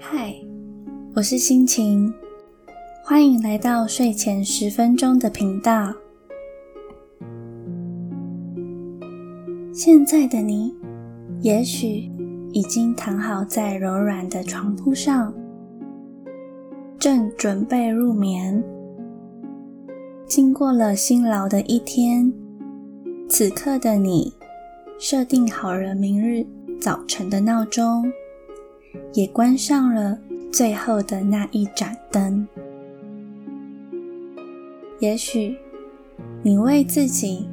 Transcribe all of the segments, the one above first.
嗨，Hi, 我是馨晴，歡迎來到睡前十分鐘的頻道。現在的你，也許已經躺好在柔軟的床鋪上，正準備入眠。經過了辛勞的一天，此刻的你，設定好了明日早晨的鬧鐘。也關上了最後的那一盞燈。也許你為自己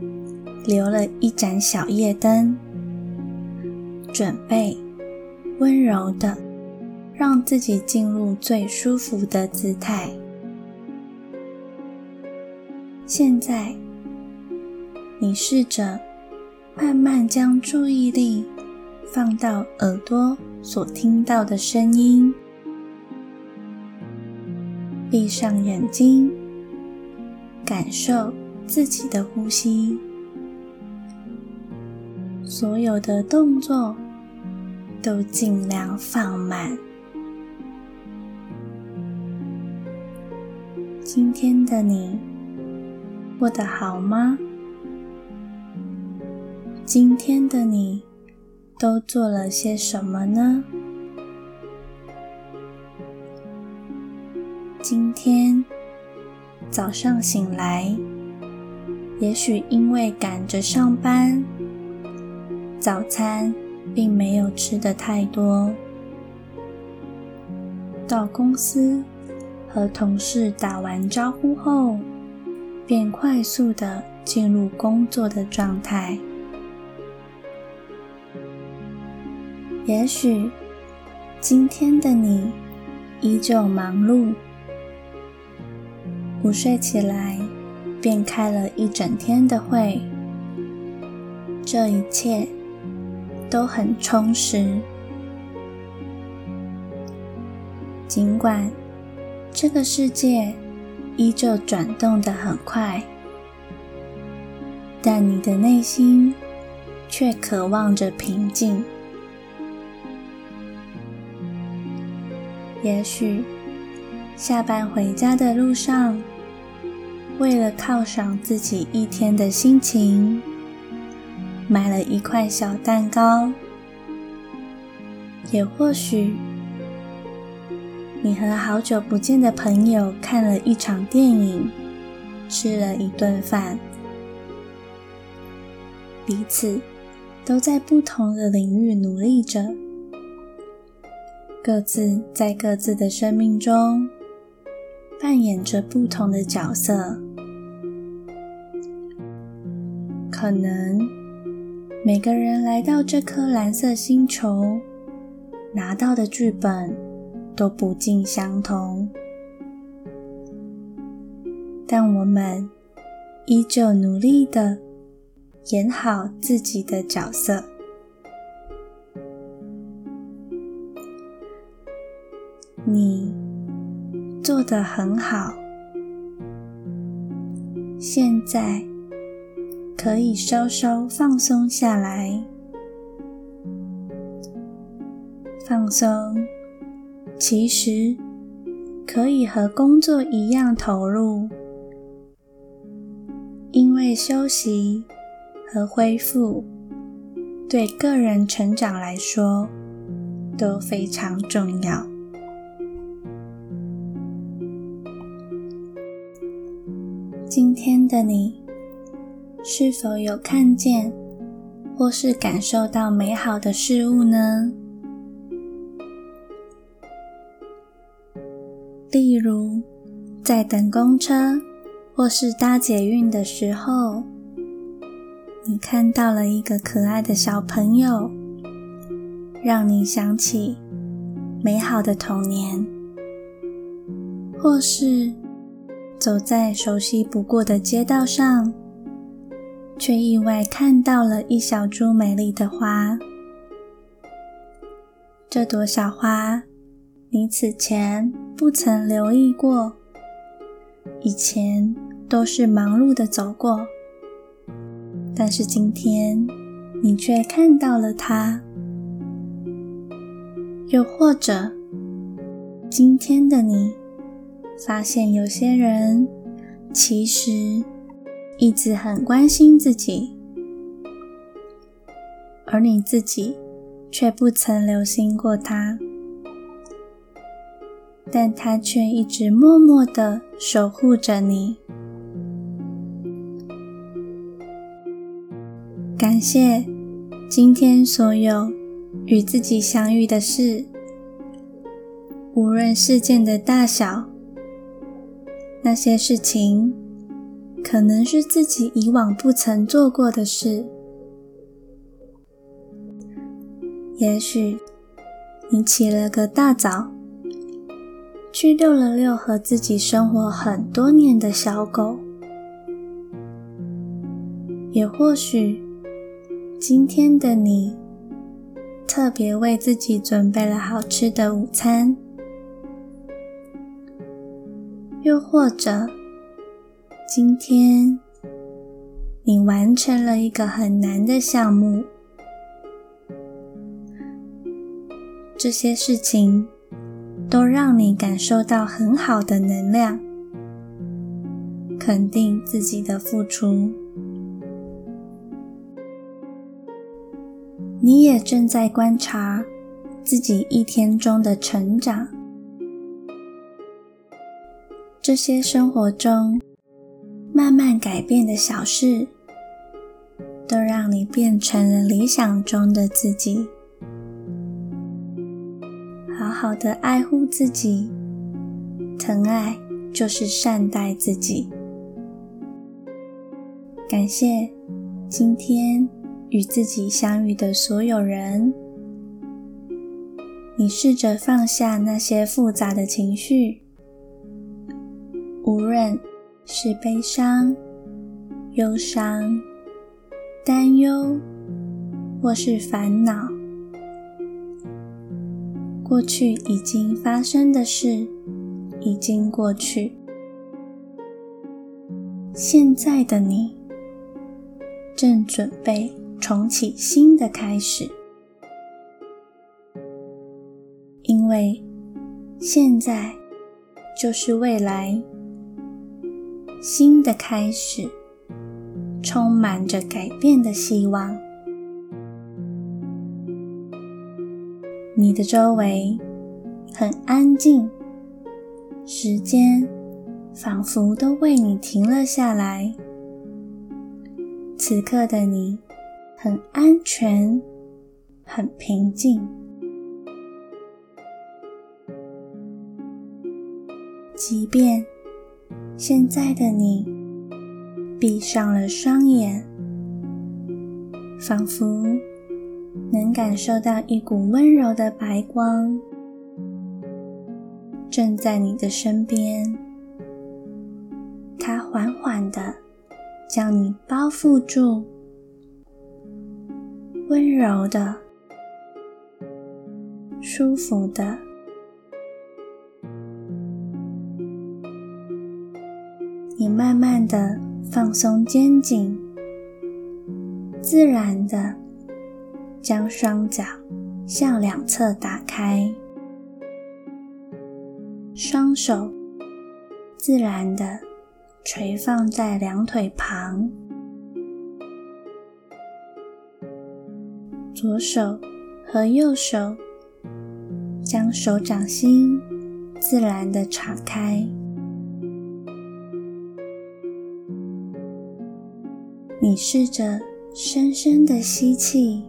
留了一盞小夜燈，準備溫柔地讓自己進入最舒服的姿態。現在，你試着慢慢將注意力，放到耳朵所聽到的聲音，閉上眼睛，感受自己的呼吸。所有的動作都盡量放慢。今天的你過得好嗎？今天的你。都做了些什麼呢？今天早上醒來，也許因為趕着上班，早餐並沒有吃的太多。到公司和同事打完招呼後，便快速的進入工作的狀態。也許今天的你依舊忙碌，午睡起來便開了一整天的會，這一切都很充實。儘管這個世界依舊轉動得很快，但你的內心卻渴望着平靜。也許下班回家的路上，為了犒賞自己一天的心情，買了一塊小蛋糕。也或許，你和好久不見的朋友看了一場電影，吃了一頓飯，彼此都在不同的領域努力着。各自在各自的生命中扮演着不同的角色。可能每個人來到這顆藍色星球，拿到的劇本都不盡相同，但我們依舊努力的演好自己的角色。你做得很好，現在可以稍稍放鬆下來。放鬆，其實可以和工作一樣投入，因為休息和恢復對個人成長來說都非常重要。今天的你，是否有看見或是感受到美好的事物呢？例如，在等公車或是搭捷運的時候，你看到了一個可愛的小朋友，讓你想起美好的童年，或是……走在熟悉不過的街道上，卻意外看到了一小株美麗的花。這朵小花，你此前不曾留意過，以前都是忙碌的走過，但是今天你卻看到了它。又或者，今天的你。發現有些人其實一直很關心自己，而你自己卻不曾留心過他，但他卻一直默默的守護着你。感謝今天所有與自己相遇的事，無論事件的大小。那些事情，可能是自己以往不曾做過的事。也許你起了個大早，去遛了遛和自己生活很多年的小狗。也或許今天的你，特別為自己準備了好吃的午餐。又或者，今天你完成了一個很難的項目，這些事情都讓你感受到很好的能量，肯定自己的付出。你也正在觀察自己一天中的成長。這些生活中慢慢改變的小事，都讓你變成了理想中的自己。好好的愛護自己，疼愛就是善待自己。感謝今天與自己相遇的所有人。你試着放下那些複雜的情緒。無論是悲傷、憂傷、擔憂，或是煩惱，過去已經發生的事已經過去。現在的你正準備重啟新的開始，因為現在就是未來。新的開始，充滿着改變的希望。你的周圍很安靜，時間仿佛都為你停了下來。此刻的你很安全，很平靜。即便。現在的你，閉上了雙眼，仿佛能感受到一股溫柔的白光正在你的身邊。它緩緩地將你包覆住，溫柔的、舒服的。慢慢的放鬆肩頸，自然的將雙腳向兩側打開，雙手自然的垂放在兩腿旁，左手和右手將手掌心自然的敞開。你試着深深的吸氣，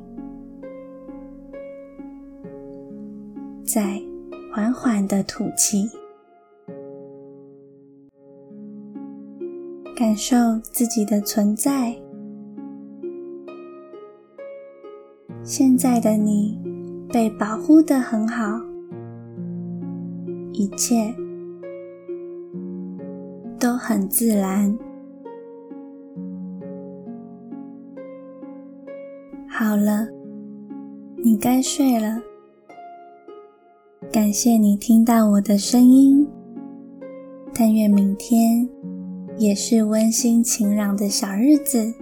再緩緩的吐氣，感受自己的存在。現在的你被保護得很好，一切都很自然。好了，你該睡了。感謝你聽到我的聲音，但願明天也是溫馨晴朗的小日子。